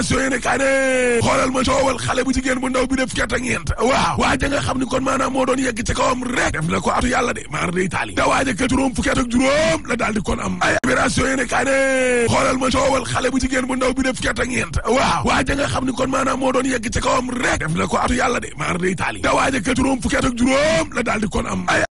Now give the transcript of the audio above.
Libération yéen a kaay ne xoolal ma coowal xale bu jigéen bu ndaw bi def fukki at ak ñeent waaw waa ja nga xam ni kon maanaam moo doon yegg ci kawam rek def na ko atu yàlla de maar day taali da waa ja ka juróom fukki at ak juróom la daal di kon am ay Libération yéen a kaay ne xoolal ma coowal xale bu jigéen bu ndaw bi def fukki at ak ñeent waaw waa ja nga xam ni kon maanaam moo doon yegg ci kawam rek def na ko atu yàlla de maar day taali da waa ja ka juróom fukki at ak juróom la daal kon am ay